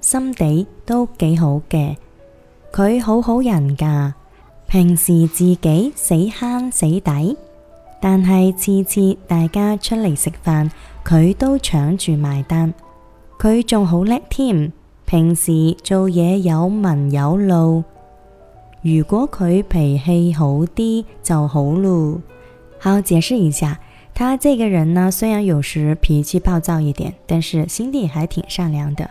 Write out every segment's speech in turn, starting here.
心地都幾好嘅，佢好好人噶。平時自己死慳死抵，但係次次大家出嚟食飯，佢都搶住埋單。佢仲好叻添，平時做嘢有紋有路。如果佢脾氣好啲就好囉。好，解釋一下，他這個人呢，雖然有時脾氣暴躁一點，但是心地還挺善良的。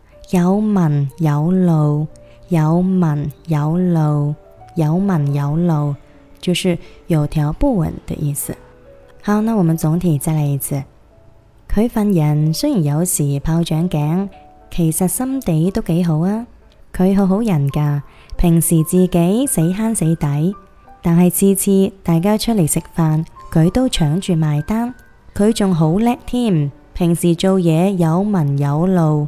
有文有路，有文有路，有文有路，就是有條不紊的意思。好啦，那我們總結一下例子。佢份人雖然有時爆長頸，其實心地都幾好啊。佢好好人噶，平時自己死慳死抵，但係次次大家出嚟食飯，佢都搶住埋單。佢仲好叻添，平時做嘢有文有路。